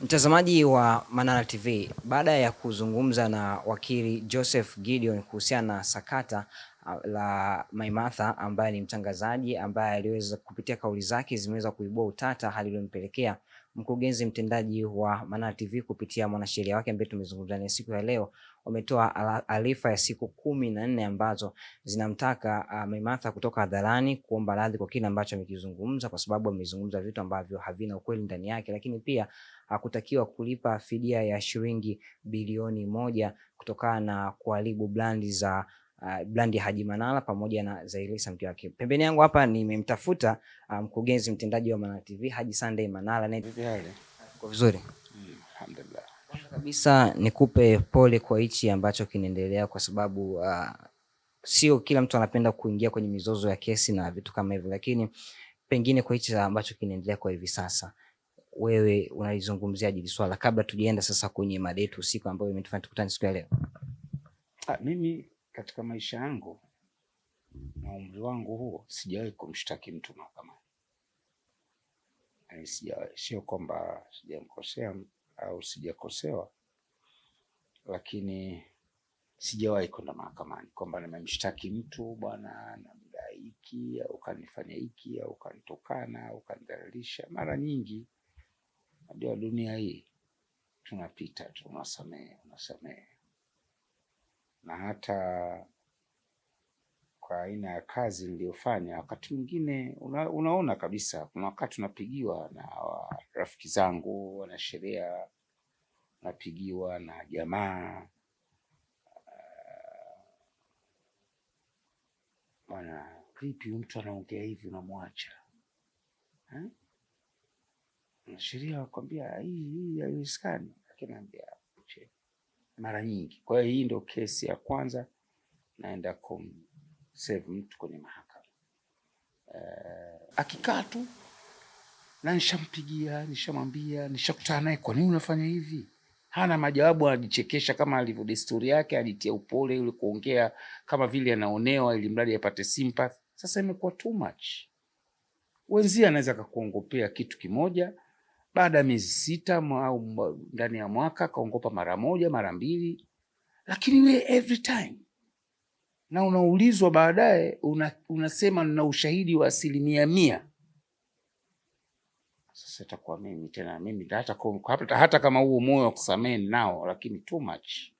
Mtazamaji wa Manara TV, baada ya kuzungumza na wakili Joseph Gideon kuhusiana na sakata la Maimartha ambaye ni mtangazaji ambaye aliweza kupitia kauli zake zimeweza kuibua utata, hali iliyompelekea mkurugenzi mtendaji wa Manara TV kupitia mwanasheria wake ambaye tumezungumza naye siku ya leo wametoa arifa ya siku kumi na nne ambazo zinamtaka uh, ah, Maimartha kutoka hadharani kuomba radhi kwa kile ambacho amekizungumza, kwa sababu amezungumza vitu ambavyo havina ukweli ndani yake, lakini pia hakutakiwa kulipa fidia ya shilingi bilioni moja kutokana na kuharibu brandi za Uh, ah, blandi Haji Manara pamoja na Zailisa mke wake. Pembeni yangu hapa nimemtafuta ah, mkurugenzi um, mtendaji wa Manara TV Haji Sunday Manara. Kwa vizuri? Mm, alhamdulillah kabisa nikupe pole kwa hichi ambacho kinaendelea, kwa sababu uh, sio kila mtu anapenda kuingia kwenye mizozo ya kesi na vitu kama hivyo, lakini pengine kwa hichi ambacho kinaendelea kwa hivi sasa, wewe unalizungumziaje hili swala, kabla tujaenda sasa kwenye mada yetu usiku ambayo imetufanya tukutane siku ya leo? Ha, ah, mimi katika maisha yangu na umri wangu huo sijawahi kumshtaki mtu mahakamani, yaani sio kwamba sijamkosea mtu au sijakosewa, lakini sijawahi kwenda mahakamani kwamba nimemshtaki mtu bwana, namdai hiki au kanifanya hiki au kanitukana au kanidhalilisha. Mara nyingi najua dunia hii tunapita tu, unasamehe unasamehe, na hata kwa aina ya kazi niliyofanya, wakati mwingine una, unaona kabisa kuna wakati unapigiwa na rafiki zangu wanasheria, unapigiwa na jamaa eh, bwana, vipi mtu anaongea hivi unamwacha eh? Sheria wakwambia hii hii haiwezekani, lakini mara nyingi. Kwa hiyo hii ndio kesi ya kwanza naenda komu save mtu kwenye mahakama uh, akikaa tu na nishampigia, nishamwambia, nishakutana naye, kwa nini unafanya hivi? Hana majawabu, anajichekesha kama alivyo desturi yake, anajitia upole yule, kuongea kama vile anaonewa, ili mradi apate sympathy. Sasa imekuwa too much. Wenzie anaweza akakuongopea kitu kimoja, baada ya miezi sita au ndani ya mwaka akaongopa mara moja mara mbili, lakini we every time na unaulizwa baadaye una, unasema na ushahidi wa asilimia mia. Sasa itakuwa mimi tena mimi hata, hata, hata kama huo moyo wa kusamehe nao, lakini too much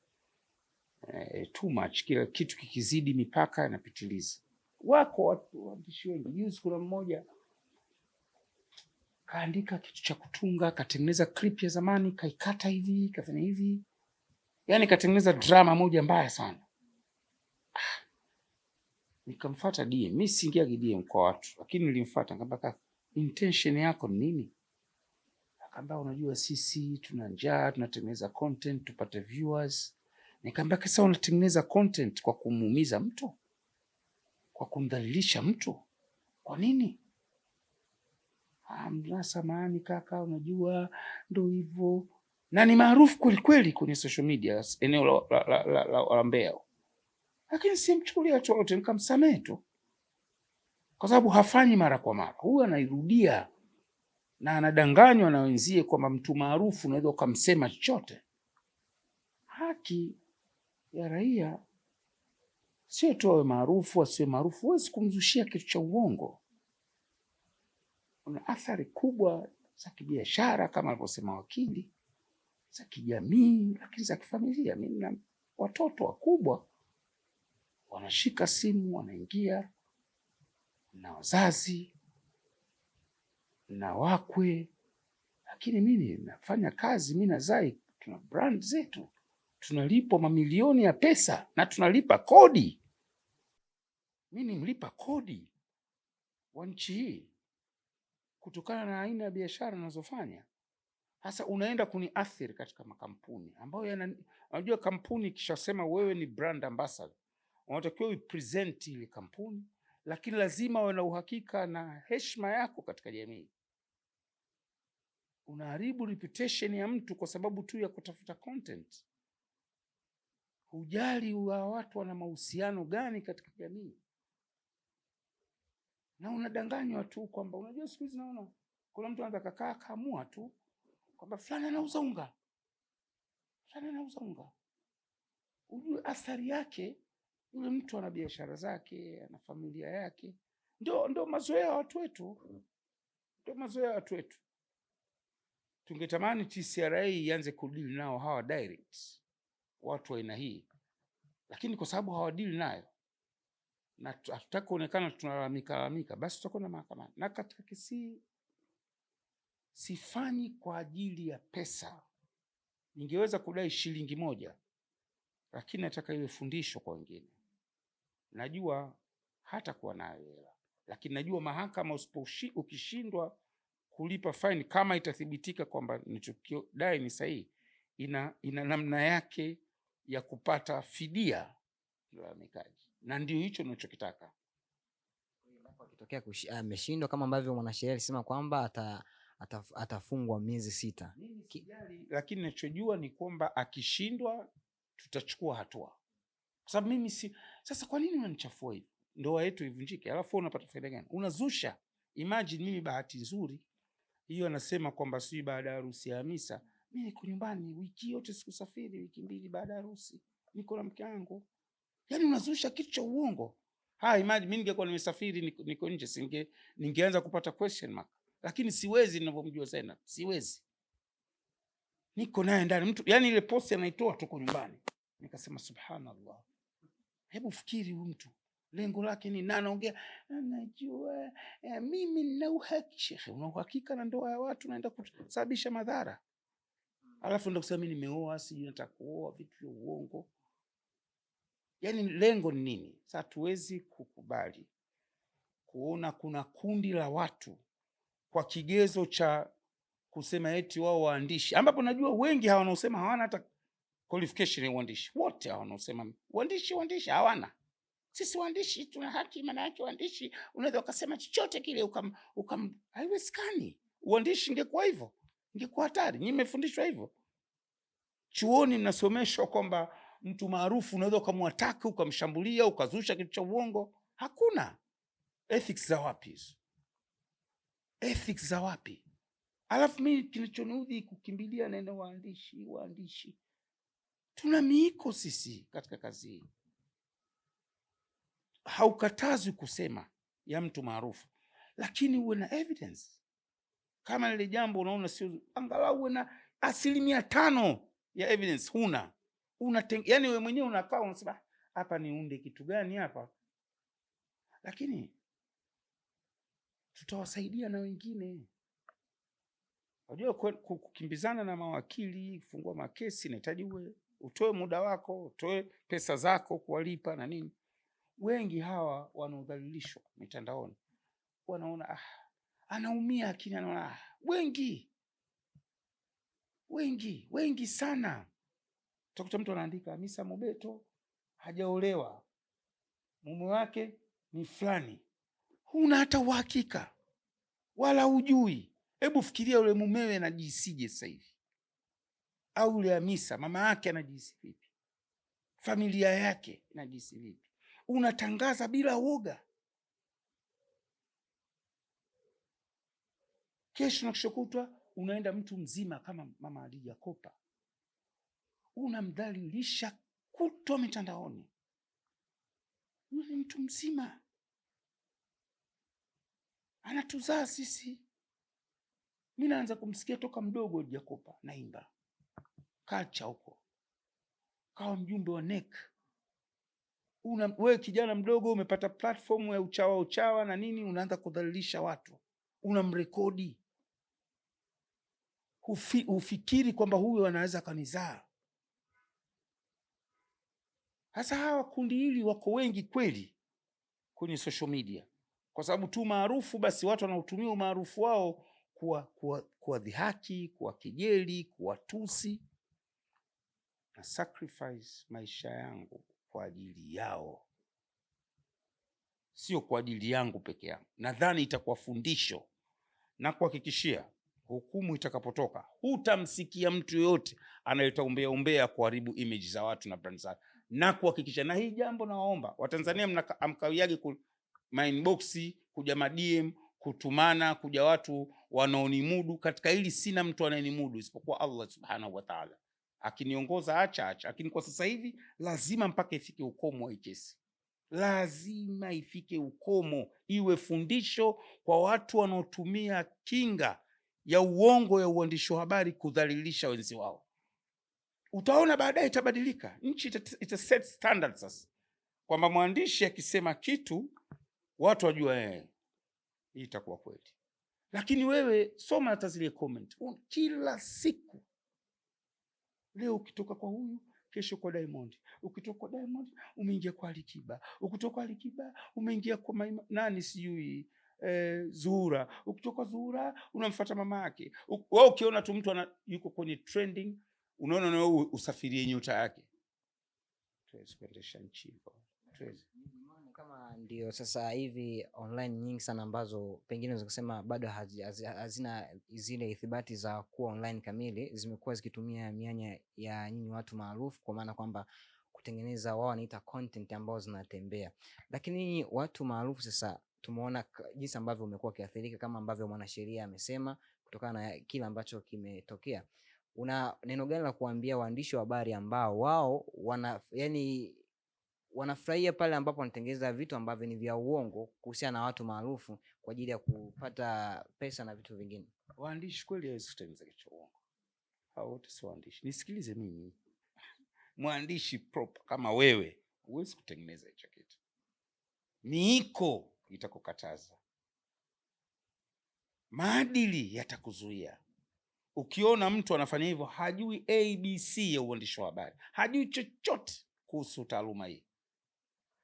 eh, too much. Kila kitu kikizidi mipaka inapitiliza. Wako watu waandishi wengi, juzi kuna mmoja kaandika kitu cha kutunga, katengeneza clip ya zamani, kaikata hivi, kafanya hivi, yani katengeneza drama moja mbaya sana Nikamfuata dm mi siingia die kwa watu, lakini nilimfuata nikamwambia, kaka, intention yako ni nini? Akaambia, unajua sisi tuna njaa, tunatengeneza content tupate viewers. Nikaambia, kasa unatengeneza content kwa kumuumiza mtu, kwa kumdhalilisha mtu, kwa nini? Amna, ah, samani kaka, unajua ndo hivyo, na ni maarufu kwelikweli kwenye social media eneo la, la, la, la, la, la Mbeya lakini simchukulia chochote, nikamsamehe tu, kwa sababu hafanyi mara kwa mara. Huyu anairudia na anadanganywa na wenzie kwamba mtu maarufu unaweza ukamsema chochote. Haki ya raia sio tu awe maarufu asiwe maarufu, huwezi kumzushia kitu cha uongo. Kuna athari kubwa za kibiashara kama alivyosema wakili, za kijamii, lakini za kifamilia. Mimi na watoto wakubwa wanashika simu wanaingia na wazazi na wakwe, lakini mimi nafanya kazi, mi nazai, tuna brand zetu, tunalipwa mamilioni ya pesa na tunalipa kodi. Mi ni mlipa kodi wa nchi hii kutokana na aina ya biashara anazofanya Sasa unaenda kuniathiri katika makampuni ambayo, unajua, kampuni ikishasema wewe ni brand ambassador unatakiwa uipresenti ile kampuni, lakini lazima wawe na uhakika na heshima yako katika jamii. Unaharibu reputation ya mtu kwa sababu tu ya kutafuta content. Hujali wa watu wana mahusiano gani katika jamii, na unadanganywa tu kwamba unajua, siku hizi naona kuna mtu anaweza kakaa kaamua tu kwamba fulani anauza unga, fulani anauza unga. Ujue athari yake yule mtu ana biashara zake, ana familia yake. ndo ndo mazoea ya watu wetu, ndo mazoea ya watu wetu. Tungetamani TCRA ianze kudili nao hawa direct, watu wa aina hii, lakini kwa sababu hawadili nayo na hatutaki kuonekana tunalalamika lalamika, basi tutakwenda mahakamani. Na katika kesi sifanyi kwa ajili ya pesa, ningeweza kudai shilingi moja, lakini nataka iwe fundisho kwa wengine najua hata kuwa nayo hela, lakini najua mahakama ukishindwa kulipa faini kama itathibitika kwamba nichokidai ni sahihi, ina, ina namna yake ya kupata fidia mlalamikaji, na ndio hicho nachokitaka Akitokea ah, ameshindwa kama ambavyo mwanasheria alisema kwamba ata, ata, atafungwa miezi sita, lakini nachojua ni kwamba akishindwa tutachukua hatua kwa sababu mimi si sasa. Kwa nini unanichafua hivi? Ndoa yetu ivunjike, alafu unapata faida gani? Unazusha. Imagine mimi bahati nzuri hiyo, anasema kwamba sijui baada ya harusi ya Hamisa, mimi niko nyumbani wiki yote, sikusafiri. Wiki mbili baada ya harusi niko na mke wangu. Yani unazusha kitu cha uongo. Ha, imagine mimi ningekuwa nimesafiri, niko nje, singe ningeanza kupata question mark, lakini siwezi. Ninavyomjua Zainab, siwezi niko naye ndani mtu, yani ile post anaitoa tuko nyumbani. Nikasema subhanallah, Hebu fikiri huyu mtu lengo lake ni nani? Anaongea anajua ya, eh, mimi nina uhaki Shekhe, una uhakika na ndoa ya watu naenda kusababisha madhara, alafu ndo kusema mimi nimeoa, sijui nataka kuoa, vitu vya uongo. yani lengo ni nini? Sasa tuwezi kukubali kuona kuna kundi la watu kwa kigezo cha kusema eti wao waandishi, ambapo najua wengi hawanaosema hawana hata qualification ya uandishi. Wote hao wanaosema uandishi uandishi hawana. Sisi waandishi tuna haki, maana yake uandishi unaweza ukasema chochote kile ukam, ukam haiwezekani. Uandishi ingekuwa hivyo, ingekuwa hatari. nyi mmefundishwa hivyo. Chuoni mnasomeshwa kwamba mtu maarufu unaweza ukamwataka, ukamshambulia, ukazusha kitu cha uongo. Hakuna ethics za wapi hizo? Ethics za wapi? Alafu mi kinachoniudhi kukimbilia nene waandishi, waandishi Tuna miiko sisi katika kazi hii. Haukatazwi kusema ya mtu maarufu, lakini uwe na evidence. Kama lile jambo unaona sio, angalau uwe na asilimia tano ya evidence. Huna una yani, wewe mwenyewe unakaa unasema hapa niunde kitu gani hapa, lakini tutawasaidia na wengine. Unajua, kukimbizana na mawakili, kufungua makesi inahitaji uwe utoe muda wako, utoe pesa zako kuwalipa na nini. Wengi hawa wanaodhalilishwa mitandaoni wanaona ah, anaumia akini, anaona ah, wengi wengi wengi sana. Utakuta mtu anaandika Hamisa Mobeto hajaolewa, mume wake ni fulani. Huna hata uhakika wala ujui Hebu fikiria yule mumewe najisije sasa hivi au Hamisa, mama yake anajihisi vipi? Familia yake inajihisi vipi? Unatangaza bila woga. Kesho na kutwa unaenda mtu mzima kama mama kopa unamdhalilisha kutwa mitandaoni. Yule ni mtu mzima, anatuzaa sisi. Mi naanza kumsikia toka mdogo Jakopa naimba kacha huko, kawa mjumbe wa nek Una wewe kijana mdogo umepata platform ya uchawa uchawa na nini, unaanza kudhalilisha watu, unamrekodi Ufi, ufikiri kwamba huyo anaweza kanizaa. Hasa hawa kundi hili wako wengi kweli kwenye social media, kwa sababu tu maarufu, basi watu wanaotumia umaarufu wao kuwa, kuwa kijeli kuwa kuwatusi na sacrifice maisha yangu kwa ajili yao, sio kwa ajili yangu peke yangu. Nadhani itakuwa fundisho na kuhakikishia, hukumu itakapotoka, hutamsikia mtu yoyote anayeta umbea umbea kuharibu image za watu na brand zao, na kuhakikisha na hii jambo, nawaomba Watanzania amkawiage ku inbox kuja madm kutumana kuja watu wanaonimudu katika hili, sina mtu anayenimudu isipokuwa Allah subhanahu wa ta'ala akiniongoza acha acha, lakini kwa sasa hivi lazima mpaka ifike ukomo HS, lazima ifike ukomo, iwe fundisho kwa watu wanaotumia kinga ya uongo ya uandishi wa habari kudhalilisha wenzi wao. Utaona baadaye itabadilika, nchi ita set standards sasa, kwamba mwandishi akisema kitu watu wajua, eh, hii itakuwa kweli. Lakini wewe soma hata zile comment kila siku Leo ukitoka kwa huyu, kesho kwa Diamond, ukitoka kwa Diamond umeingia kwa Alikiba, ukitoka kwa Alikiba umeingia kwa maima, nani sijui e, Zuhura, ukitoka Zuhura unamfuata mama yake. Wewe ukiona tu mtu yuko kwenye trending, unaona na wewe usafirie nyota yake. Tuwezi kuendesha nchi hivyo, tuwezi ndio sasa hivi online nyingi sana ambazo pengine unaweza kusema bado hazina zile ithibati za kuwa online kamili, zimekuwa zikitumia mianya ya nyinyi watu maarufu, kwa maana kwamba kutengeneza wao wanaita content ambazo zinatembea. Lakini nyinyi watu maarufu sasa tumeona jinsi ambavyo umekuwa ukiathirika kama ambavyo mwanasheria amesema kutokana na kile ambacho kimetokea. Una neno gani la kuambia waandishi wa habari ambao wao wana yani wanafurahia pale ambapo wanatengeneza vitu ambavyo ni vya uongo kuhusiana na watu maarufu kwa ajili ya kupata pesa na vitu vingine. Waandishi kweli hawezi kutengeneza kitu cha uongo, hao wote si waandishi. Nisikilize mimi, mwandishi proper kama wewe huwezi kutengeneza hicho kitu, miiko itakukataza, maadili yatakuzuia. Ukiona mtu anafanya hivyo, hajui ABC ya uandishi wa habari, hajui chochote kuhusu taaluma hii,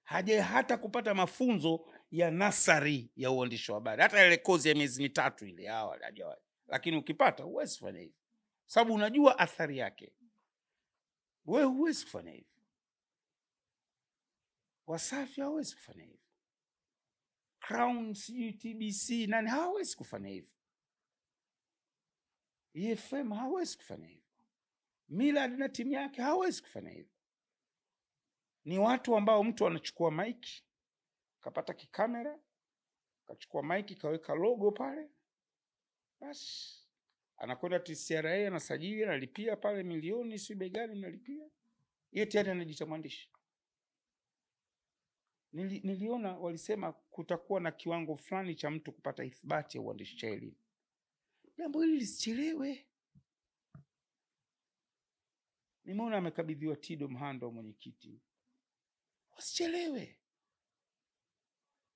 haja hata kupata mafunzo ya nasari ya uandishi wa habari, hata ile kozi ya miezi mitatu ile hawa hajawahi. Lakini ukipata huwezi kufanya hivi, sababu unajua athari yake. Wewe huwezi kufanya hivi, Wasafi hawawezi kufanya hivi, Crown sijui TBC nani hawawezi kufanya hivi, EFM hawawezi kufanya hivi, Millard na timu yake hawawezi kufanya hivi ni watu ambao mtu anachukua maiki kapata kikamera kachukua maiki kaweka logo pale, basi anakwenda TCRA anasajili, analipia pale milioni si bei gani mnalipia, yeye tayari anajiita mwandishi. Nili, niliona walisema kutakuwa na kiwango fulani cha mtu kupata ithibati ya uandishi cha elimu. Jambo hili lisichelewe. Nimeona amekabidhiwa Tido Mhando mwenyekiti wasichelewe.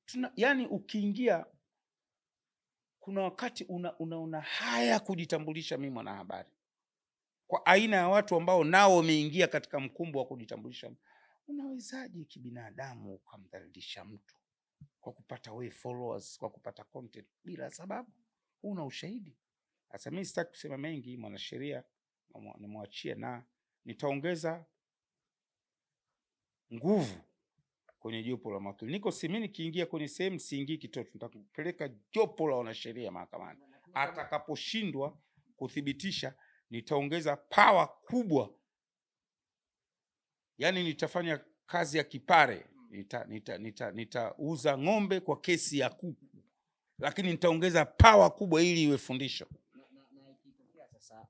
Tuna, yani ukiingia kuna wakati unaona una, haya kujitambulisha mimi mwanahabari kwa aina ya watu ambao nao wameingia katika mkumbo wa kujitambulisha. Unawezaje kibinadamu ukamdhalilisha mtu kwa kupata we followers, kwa kupata content bila sababu? Una ushahidi? Sasa mimi sitaki kusema mengi, mwanasheria nimwachie, na nitaongeza nguvu kwenye jopo la mawakili. Niko simini kiingia nikiingia kwenye sehemu siingii kitoto, nitakupeleka jopo la wanasheria mahakamani. Atakaposhindwa kuthibitisha, nitaongeza pawa kubwa, yaani nitafanya kazi ya kipare, nitauza nita, nita, nita ng'ombe kwa kesi ya kuku, lakini nitaongeza pawa kubwa ili iwe fundisho na, na,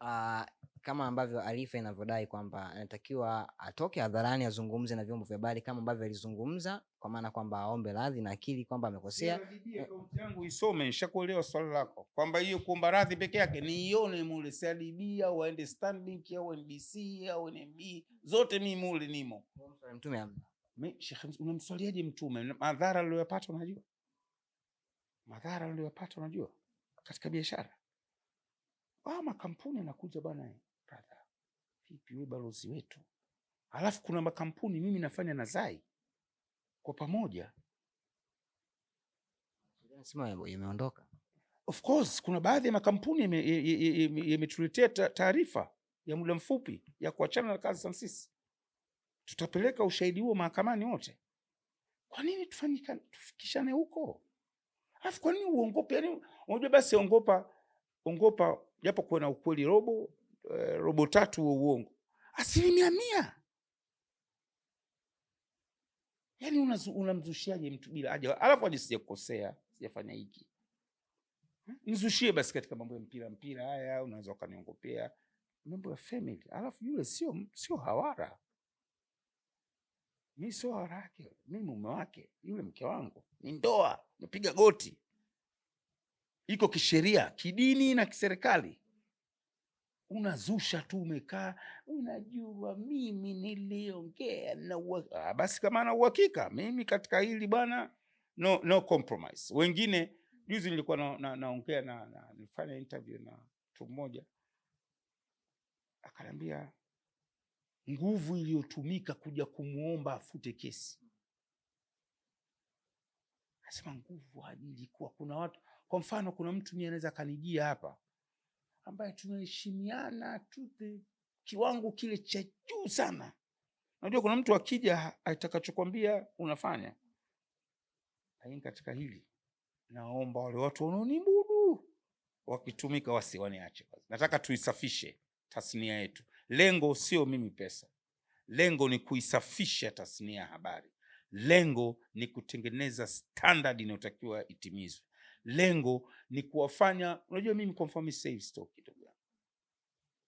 na, kama ambavyo Alifa inavyodai kwamba anatakiwa atoke hadharani azungumze na vyombo vya habari kama ambavyo alizungumza, kwa maana kwamba aombe radhi na akili kwamba amekosea. Akaunti yangu isome, nishakuelewa swali lako kwamba hiyo kuomba radhi peke yake niione mule CRDB au aende Stanbic au NBC au NMB, zote mi mule nimo. Mtume unamswaliaje? Mtume madhara aliyopata unajua, madhara aliyopata unajua, katika biashara Ah, makampuni anakuja bana, brother. Vipi wewe balozi wetu? Alafu kuna makampuni mimi nafanya na Zai kwa pamoja. Nasema yameondoka. Of course kuna baadhi ya makampuni yametuletea taarifa ya muda mfupi ya kuachana na kazi sansisi sisi. Tutapeleka ushahidi huo mahakamani wote. Kwa nini tufanyika tufikishane huko? Alafu kwa nini uongope? Yaani unajua basi ongopa ongopa japo kuwe na ukweli robo eh, robo tatu wa uongo, asilimia mia. yani unamzushiaje mtu bila aja, alafu aje, sijakukosea, sijafanya hiki nizushie basi katika mambo ya mpira mpira, haya unaweza ukaniongopea mambo ya family. Alafu yule sio sio hawara, mi sio hawara yake, mi mume wake, yule mke wangu ni ndoa, napiga goti iko kisheria, kidini na kiserikali. Unazusha tu umekaa, unajua mimi niliongea na ah, basi kama na uhakika mimi katika hili bwana, no, no compromise. Wengine juzi nilikuwa naongea na, na, na, na nilifanya interview na mtu mmoja akaniambia nguvu iliyotumika kuja kumwomba afute kesi, asema nguvu ilikuwa kuna watu kwa mfano, kuna mtu mimi anaweza kanijia hapa ambaye tunaheshimiana tu kiwango kile cha juu sana. Najua kuna mtu akija atakachokwambia unafanya, lakini katika hili naomba wale watu wanaonibudu wakitumika wasiwaniache. Nataka tuisafishe tasnia yetu. Lengo sio mimi pesa, lengo ni kuisafisha tasnia ya habari. Lengo ni kutengeneza standard inayotakiwa itimizwe lengo ni kuwafanya unajua, mimi kwa mfano save stock kidogo,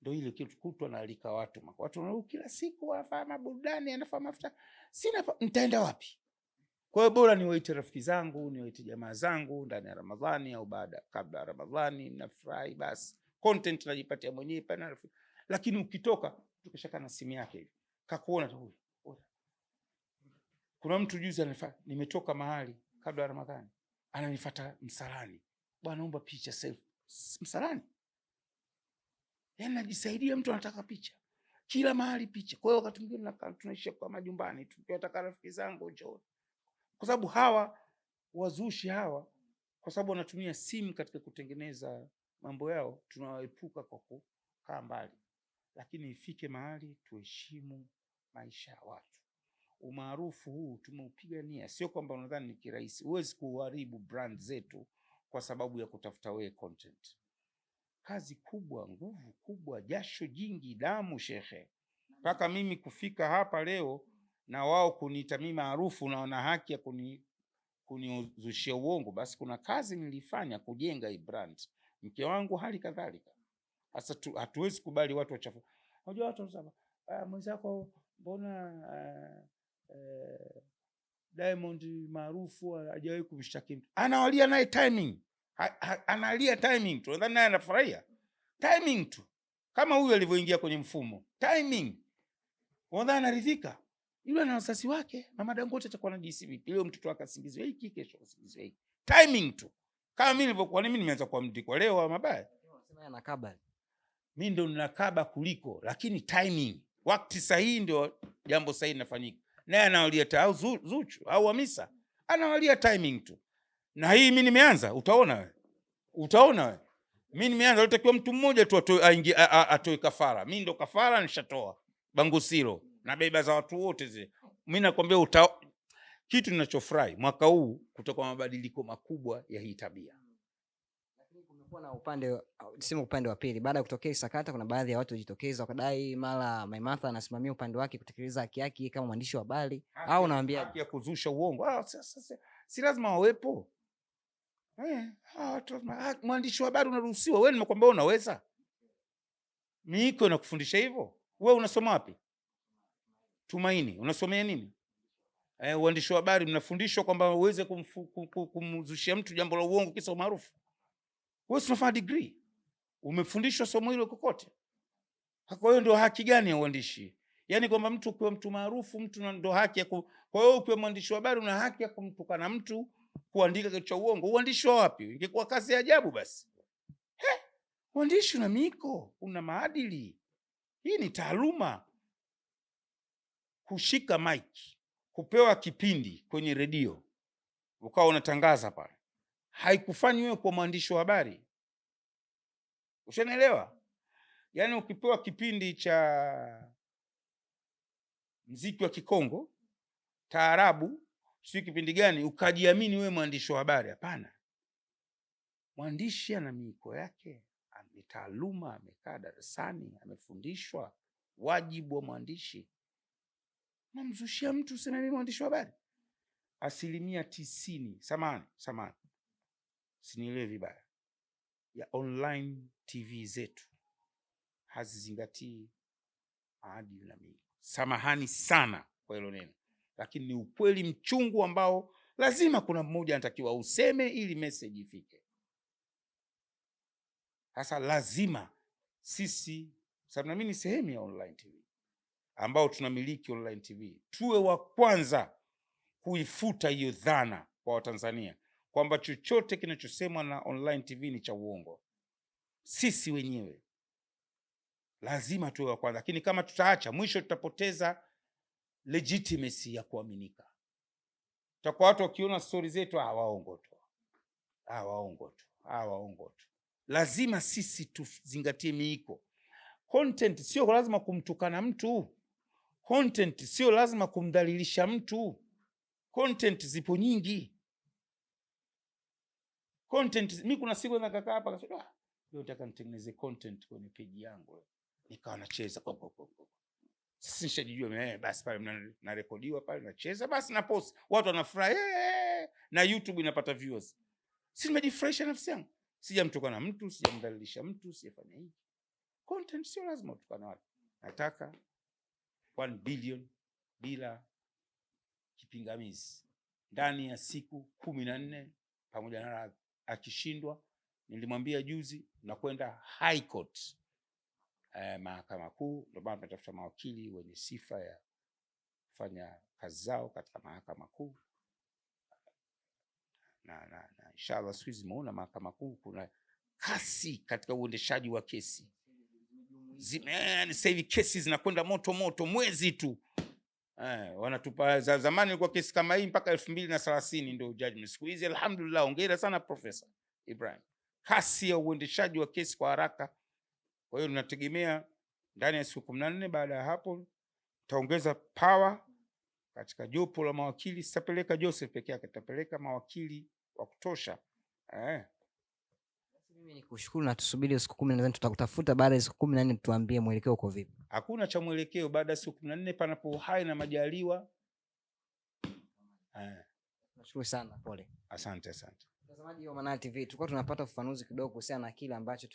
ndio ile kitu kutwa na alika watu watu wanao oh, kila siku wafanya burudani, anafanya mafuta, sina nitaenda wapi? Kwa hiyo bora niwaite rafiki zangu, niwaite jamaa zangu ndani ya Ramadhani au baada kabla ya Ramadhani, nafurahi basi content najipatia mwenyewe pana rafiki. Lakini ukitoka tukishaka na simu yake hivi kakuona tu huyu. Kuna mtu juzi anafanya, nimetoka mahali kabla ya Ramadhani ananifata msalani, bwana omba picha self msalani. Yani najisaidia, mtu anataka picha kila mahali picha. Kwa hiyo wakati mwingine tunaishia kwa majumbani, tukiwataka rafiki zangu njoo, kwa sababu hawa wazushi hawa, kwa sababu wanatumia simu katika kutengeneza mambo yao, tunawaepuka kwa kukaa mbali, lakini ifike mahali tuheshimu maisha ya watu umaarufu huu tumeupigania, sio kwamba unadhani ni kirahisi. Huwezi kuharibu brand zetu kwa sababu ya kutafuta wewe content. Kazi kubwa, nguvu kubwa, jasho jingi, damu shehe, mpaka mimi kufika hapa leo na wao kuniita mimi maarufu na wana haki ya kuni kuniuzushia uongo. Basi kuna kazi nilifanya kujenga hii brand, mke wangu hali kadhalika. Sasa hatuwezi kubali watu wachafu. Unajua watu wanasema ah, mwenzako mbona ah, Eh, Diamond maarufu hajawahi kumshtaki mtu, anawalia naye timing analia timing tu, nadhani naye anafurahia timing tu, kama huyu alivyoingia kwenye mfumo timing, nadhani anaridhika yule ana wasasi wake. Mama Dangote atakuwa na jisi vipi? leo, mtoto wake asingizwe hiki, kesho asingizwe hiki, timing tu, kama mimi nilivyokuwa. Mimi nimeanza kuwa mdikwa leo au mabaya, mimi ndo ninakaba kuliko, lakini timing, wakati sahihi ndio jambo sahihi linafanyika naye anawalia au Zuchu au amisa anawalia timing tu, na hii mi nimeanza, utaona we, utaona we, mi nimeanza. Alitakiwa mtu mmoja tu atoe kafara, mi ndo kafara nishatoa bangusilo na beba za watu wote zile. Mi nakwambia uta... kitu ninachofurahi mwaka huu kutoka mabadiliko makubwa ya hii tabia na upande sema upande wa pili, baada ya kutokea sakata, kuna baadhi ya watu wajitokeza wakadai mara maimatha anasimamia upande wake kutekeleza haki yake kama mwandishi wa habari, au unawaambia ya kuzusha uongo? Ah, si lazima wawepo eh, ah, ah, mwandishi wa habari unaruhusiwa. Wewe nimekwambia unaweza miiko inakufundisha hivyo. Wewe unasoma wapi? Tumaini unasomea nini? Eh, uandishi wa habari mnafundishwa kwamba uweze kumzushia mtu jambo la uongo kisa umaarufu wewe unafanya degree, umefundishwa somo hilo kokote? Kwa hiyo ndio haki gani ya uandishi? Yaani kwamba mtu ukiwa mtu maarufu, mtu ndio haki ya ku... kwa hiyo ukiwa mwandishi wa habari una haki ya kumtukana mtu, kuandika kitu cha uongo. Uandishi wa wapi? Ingekuwa kazi ya ajabu basi. He, uandishi una miko, una maadili. Hii ni taaluma. Kushika mic, kupewa kipindi kwenye redio ukawa unatangaza pale haikufanyi wewe kwa mwandishi wa habari. ushanaelewa Yaani ukipewa kipindi cha mziki wa Kikongo, taarabu, sijui kipindi gani, ukajiamini wewe mwandishi wa habari, hapana. Mwandishi ana miiko yake, ametaaluma amekaa darasani, amefundishwa wajibu wa mwandishi. Namzushia mtu useme mwandishi wa habari? Asilimia tisini, samani samani usinielewe vibaya, ya online TV zetu hazizingatii maadili na mila. Samahani sana kwa hilo neno, lakini ni ukweli mchungu ambao lazima kuna mmoja anatakiwa useme ili message ifike. Sasa lazima sisi, sababu nami ni sehemu ya online TV ambao tunamiliki online TV, tuwe wa kwanza kuifuta hiyo dhana kwa Watanzania kwamba chochote kinachosemwa na online tv ni cha uongo. Sisi wenyewe lazima tuwe wa kwanza, lakini kama tutaacha, mwisho tutapoteza legitimacy ya kuaminika. Tutakuwa watu wakiona stori zetu, ah, tu, ah, tu, ah, tu. Lazima sisi tuzingatie miiko. Content sio lazima kumtukana mtu, content sio lazima kumdhalilisha mtu. Content zipo nyingi content. Mimi kuna siku nikakaa hapa kasema ah, leo nataka nitengeneze content kwenye page yangu, nikawa nacheza kwa kwa kwa sisi nishajijua mimi eh, basi, pale narekodiwa pale nacheza basi na post, watu wanafurahi eh, eh, eh, eh, na YouTube inapata views. Si nimejifurahisha nafsi yangu, sijamtuka na mtu, sijamdhalilisha mtu, sijafanya hivi. Content sio lazima utukana watu. Nataka 1 billion bila kipingamizi ndani ya siku kumi na nne pamoja na radhi akishindwa, nilimwambia juzi nakwenda high court eh, mahakama kuu. Ndio maana tunatafuta mawakili wenye sifa ya kufanya kazi zao katika mahakama kuu na, na, na inshallah siku hizi mahakama kuu kuna kasi katika uendeshaji wa kesi, sasa hivi kesi zinakwenda moto moto, mwezi tu Eh, wanatupa za zamani ilikuwa kesi kama hii mpaka elfu mbili na thelathini ndio judgment. Siku hizi alhamdulillah, ongera sana Profesa Ibrahim, kasi ya uendeshaji wa kesi kwa haraka. Kwa hiyo tunategemea ndani ya siku kumi na nne baada ya hapo taongeza power katika jopo la mawakili. Sitapeleka Joseph peke yake, tutapeleka mawakili wa kutosha eh. Mimi ni kushukuru na tusubiri siku kumi na nne tutakutafuta baada ya siku kumi na nne tuambie mwelekeo uko vipi. Hakuna cha mwelekeo baada ya siku kumi na nne panapo uhai na majaliwa. Eh. Nashukuru sana, pole. Asante, asante. Mtazamaji wa Manara TV, tulikuwa tunapata ufafanuzi kidogo kuhusiana na kile ambacho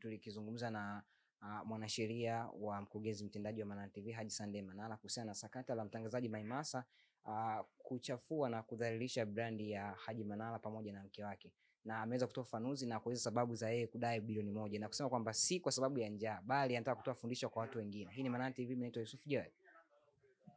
tulikizungumza na uh, mwanasheria wa mkurugenzi mtendaji wa Manara TV Haji Sande Manara kuhusiana na sakata la mtangazaji Maimasa uh, kuchafua na kudhalilisha brandi ya Haji Manara pamoja na mke wake na ameweza kutoa ufafanuzi na kueleza sababu za yeye kudai bilioni moja na kusema kwamba si kwa sababu ya njaa, bali anataka kutoa fundisho kwa watu wengine. Hii ni Manara TV, mimi naitwa Yusuf Joy.